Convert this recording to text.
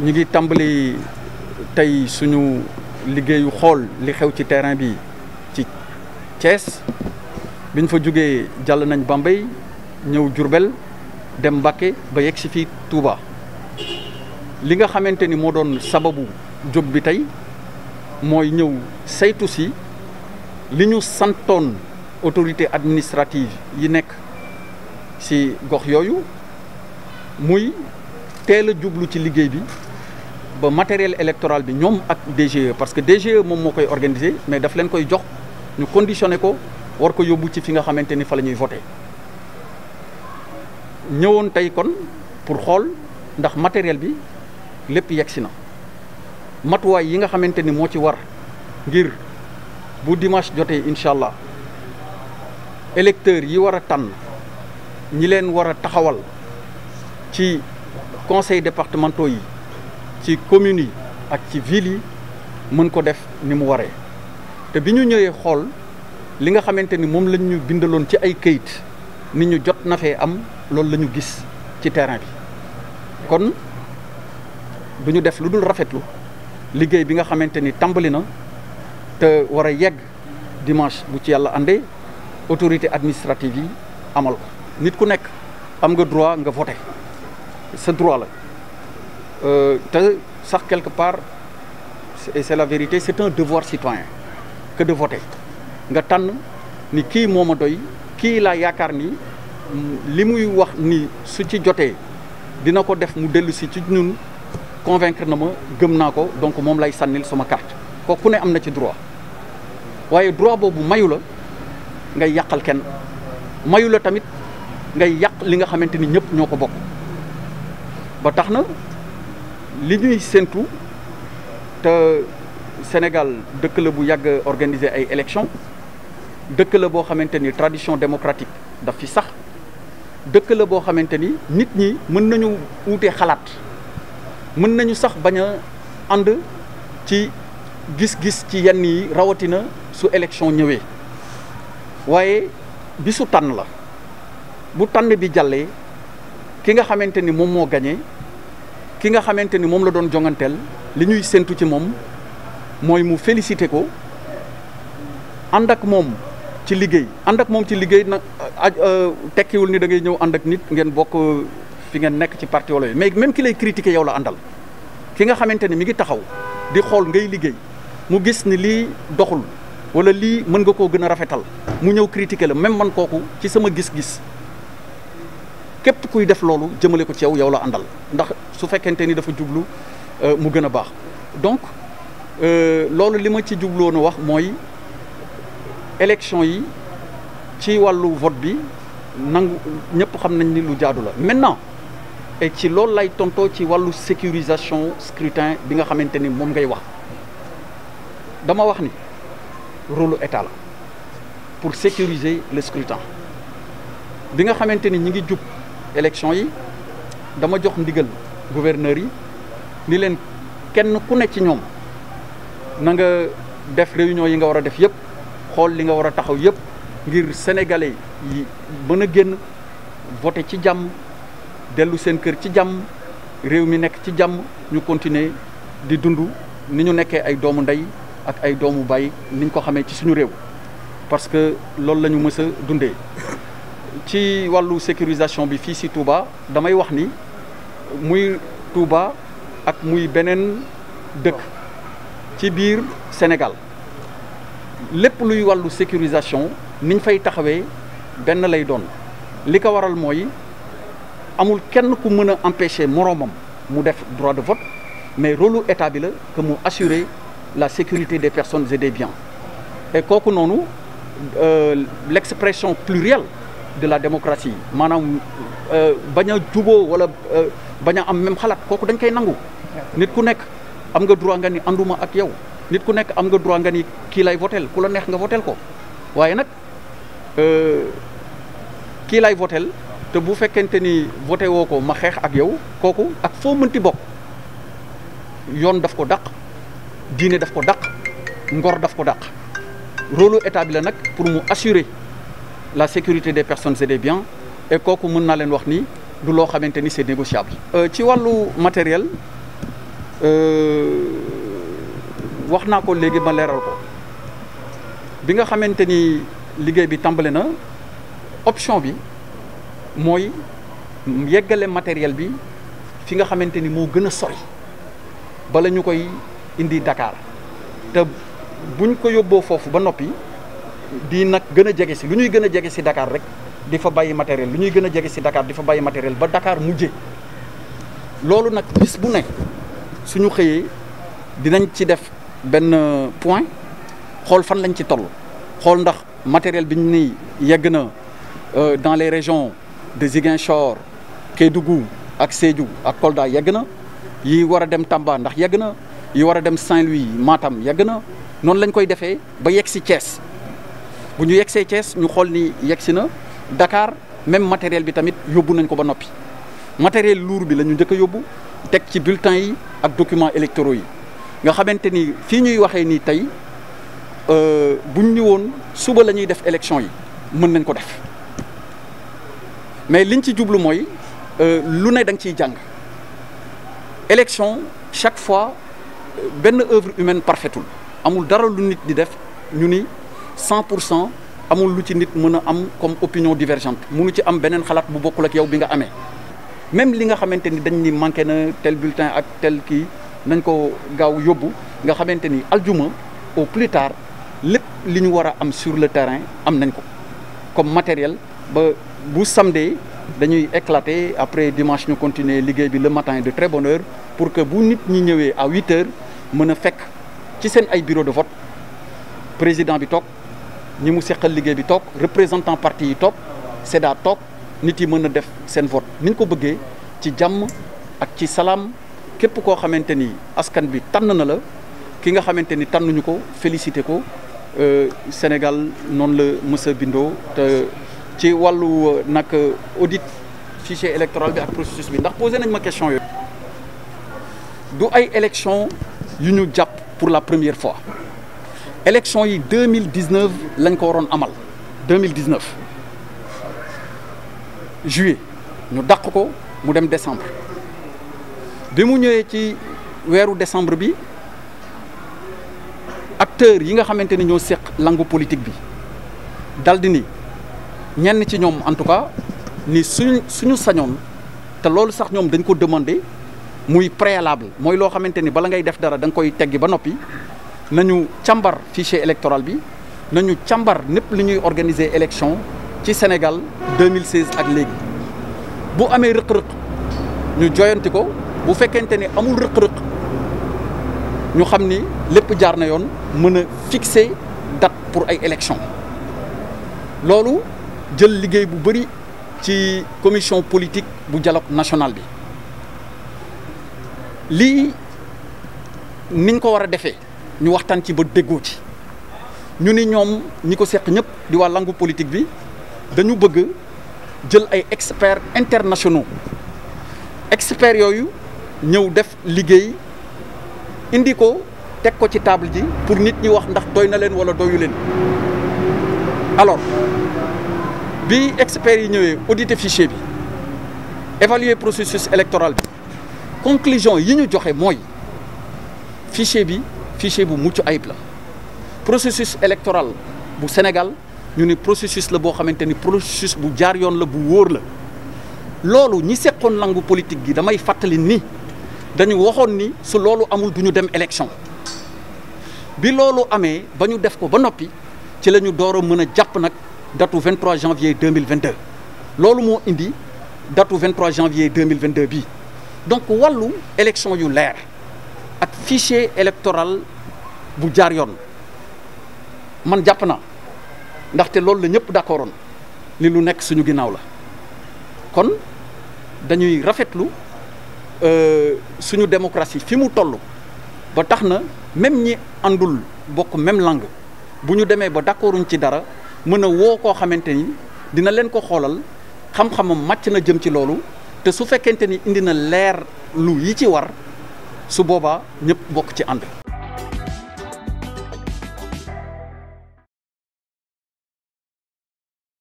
ñu ngi tàmbali tey suñu liggéeyu xool li xew ci terrain bi ci Thiès bi ñu fa jógee jàll nañ Bambey ñëw Diourbel dem Mbacké ba yegg si fii Touba li nga xamante ni moo doon sababu jóg bi tey mooy ñëw saytu si li ñu santoon autorité administrative yi nekk ci gox yooyu muy teel a jublu ci liggéey bi ba matériel électoral bi ñoom ak DGE parce que DGE moom moo koy organiser mais daf leen koy jox ñu conditionné ko war ko yóbbu ci fi nga xamante ni fa ñuy voté ñëwoon tey kon pour xool ndax matériel bi lépp yegsi na matuwaay yi nga xamante ni moo ci war ngir bu dimanche jotee incha allah électeurs yi war a tànn ñi leen war a taxawal ci conseil départementaux yi ci communes yi ak ci villes mën ko def ni mu waree te bi ñu ñëwee xool li nga xamante ni moom lañ ñu bindaloon ci ay kayit ni ñu jot na am loolu la ñu gis ci terrain bi kon du ñu def lu dul rafetlu liggéey bi nga xamante ni tàmbali na te war a yegg dimanche bu ci yàlla àndee autorité administrative yi amal ko nit ku nekk am nga droit nga voter sa droit la Euh, te sax quelque part et c'est la vérité c'est un devoir citoyen que de voter nga tànn ni kii moom ma doy kii laa yaakaar ni mm, li muy wax ni su ci jotee dina ko def mu dellu si ci nun convaincre na ma gëm naa ko donc moom lay sànnil sama carte ko ku ne am na ci droit waaye droit boobu mayula ngay yàqal kenn mayula tamit ngay yàq li nga xamante ni ñëpp ñoo ko bokk ba tax na li ñuy séntu te Sénégal dëkk la bu yàgg organiser ay élections dëkk la boo xamante ni tradition démocratique daf fi sax dëkk la boo xamante ni nit ñi mën nañu wuute xalaat mën nañu sax bañ a ànd ci gis-gis ci yenn yi rawatina su élection ñëwee waaye bisu tànn la bu tànn bi jàllee ki nga xamante ni moom moo gañe ki nga xamante ni moom la doon jonganteel li ñuy séntu ci moom mooy mu félicité ko ànd ak moom ci liggéey ànd ak moom ci liggéey nag euh, tekkiwul ni da ngay ñëw ànd ak nit ngeen bokk fi ngeen nekk ci parti wala mais même ki lay critiquer yow la àndal ki nga xamante ni mi ngi taxaw di xool ngay liggéey mu gis ni lii doxul wala lii mën nga koo gën a rafetal mu ñëw critiquer la même man kooku ci sama gis-gis képp kuy def loolu jëmale ko ci yow yow la àndal ndax su fekkente ni dafa jublu euh, mu gën a baax donc euh, loolu li ma ci jubloonu wax mooy élection yi ci wàllu vote bi nangu ñëpp xam nañ ni lu jaadu la maintenant et ci loolu lay tontoo ci wàllu sécurisation scrutin bi nga xamante ni moom ngay wax dama wax ni rôle état la pour sécuriser le scrutin bi nga xamante ni ñi ngi jub élection yi dama jox ndigal gouverneur yi ni leen kenn ku ne ci ñoom na nga def réunion yi nga war a def yëpp xool li nga war a taxaw yëpp ngir sénégalais yi mën a génn voté ci jàmm dellu seen kër ci jàmm réew mi nekk ci jàmm ñu continuer di dund ni ñu nekkee ay doomu ndey ak ay doomu baay ni ko xamee ci suñu réew parce que loolu lañu ñu mës a dundee ci wàllu sécurisation bi fii si Touba damay wax ni muy Touba ak muy beneen dëkk ci biir Sénégal lépp luy wàllu sécurisation niñ fay taxawee benn lay doon li ko waral mooy amul kenn ku mën a empêcher moroomam mu def droit de vote mais rôle état bi mu assurer la sécurité des personnes et des bien et kooku noonu euh, l'expression plurielle de la démocratie maanaam euh, bañ a juboo wala euh, bañ a am même xalaat kooku dañ koy nangu. nit ku nekk am nga droit nga ni ànduma ak yow nit ku nekk am nga droit nga ni kii lay votel ku la neex nga votel ko waaye nag euh, kii lay votel te bu fekkente ni voté woo ko ma xeex ak yow kooku ak foo mënti bokk yoon daf ko dàq diine daf ko dàq ngor daf ko dàq rôle état bi la nag pour mu assurer. la sécurité des personnes et des biens et kooku mën naa leen wax nii du loo xamante ni c'est négociable. Euh, ci wàllu matériel euh, wax naa ko léegi ma leeral ko bi nga xamante ni liggéey bi tàmbale na option bi mooy yeggale matériel bi fi nga xamante ni moo gën a sori bala ñu koy indi Dakar te buñ ko yóbboo foofu ba noppi. di nag gën a jege si lu ñuy gën a jege si Dakar rek di fa bàyyi matériel lu ñuy gën a jege si Dakar di fa bay matériel ba Dakar mujje loolu nag bis bu nekk suñu xëyee dinañ ci def benn point xool fan lañ ci toll xool ndax matériel bi ñu ni yegg na euh, dans les régions de Ziguinchor kedugu ak Sédhiou ak Kolda yegg na yi war a dem Tamba ndax yegg na yi war a dem Saint-Louis Matam yegg na noonu lañ koy defee ba yegg si Thiès bu ñu yegsee Thiès ñu xool ni yegsi na Dakar même matériel bi tamit yóbbu nañ ko ba noppi matériel lourd bi lañu ñu njëkk a yóbbu teg ci bulletin yi ak document électoraux yi nga xamante ni fii ñuy waxee nii tey euh, buñ ñu woon suba la ñuy def élection yi mën nañ ko def mais liñ ci jublu mooy euh, lu ne da nga ciy jàng élection chaque fois euh, benn œuvre humaine parfaitul amul dara lu nit di def ñu ni cent pour cent amul lu ci nit mën a am comme opinion divergente munu ci am beneen xalaat bu bokkul ak yow bi nga amee même li nga xamante ni dañ ni manqué na tel bulletin ak tel kii nañ ko gaaw yóbbu nga xamante ni aljuma au plus tard lépp li ñu war a am sur le terrain am nañ ko comme matériel ba bu samedi dañuy éclater après dimanche ñu continuer liggéey bi le matin de très bonne pour que bu nit ñi ñëwee a huit mën a fekk ci seen ay bureau de vote président bi toog ñi mu seqal liggéey bi toog représentant partie yi toog SEDA toog nit yi mën a def seen vote ni ñu ko bëggee ci jàmm ak ci salaam képp koo xamante ni askan bi tànn na la ki nga xamante ni tànnuñu ko félicité ko euh, Sénégal noonu la mësa bindoo te ci wàllu euh, nag euh, audit fichier électoral bi ak processus bi ndax posé nañ ma question yooyu du ay élection yu ñu jàpp pour la première fois élection yi deux mille dix neuf lañ ko waroon amal deux mille dix neuf juillet ñu dàq ko mu dem décembre bi mu ñëwee ci weeru décembre bi acteurs yi nga xamante ni ñoo seq langue politique bi daldi di ni ñenn ci ñoom en tout cas ni suñu suñu sañoon te loolu sax ñoom dañ ko demandé muy préalable mooy loo xamante ni bala ngay def dara danga koy teggi ba noppi. nañu càmbar fichier électoral bi nañu càmbar népp li ñuy organiser élection ci Sénégal 2016 ak léegi bu amee rëq-rëq ñu joyanti ko bu fekkente ni amul rëq-rëq ñu xam ni lépp jaar na yoon mën a fixer date pour ay élection loolu jël liggéey bu bëri ci commission politique bu dialogue national bi lii niñ ko war a defee ñu waxtaan ci ba déggoo ci ñu ni ñoom ñi ko seq ñëpp di waa langue politique bi dañu bëgg jël ay experts internationaux experts yooyu ñëw def liggéey indi ko teg ko ci table ji pour nit ñi wax ndax doy na leen wala doyu leen alors bi experts yi ñëwee audite fichier bi évaluer processus électoral bi conclusion yi ñu joxe mooy fichier bi fichier bu mucc ayib la processus électoral bu Sénégal ñu ni processus la boo xamante ni processus bu jaar yoon la bu wóor la loolu ñi seqoon nangu politique gi damay fàttali ni dañu waxoon ni su loolu amul duñu dem élection bi loolu amee ba ñu def ko ba noppi ci lañu door a mën a jàpp nag datu 23 janvier 2022 loolu moo indi datu 23 janvier 2022 bii donc wallu élection yu leer ak fichier électoral bu jaar yoon man jàpp na ndaxte loolu la ñëpp d'accordoon li lu nekk suñu ginnaaw la kon dañuy rafetlu euh, suñu démocratie fi mu toll ba tax na même ñi àndul bokk même lang bu ñu demee ba d'accorduñ ci dara mën a woo koo xamante ni dina leen ko xoolal xam-xamam màcc na jëm ci loolu te su fekkente ni indi na leer lu yi ci war su boobaa ñëpp bokk ci ànd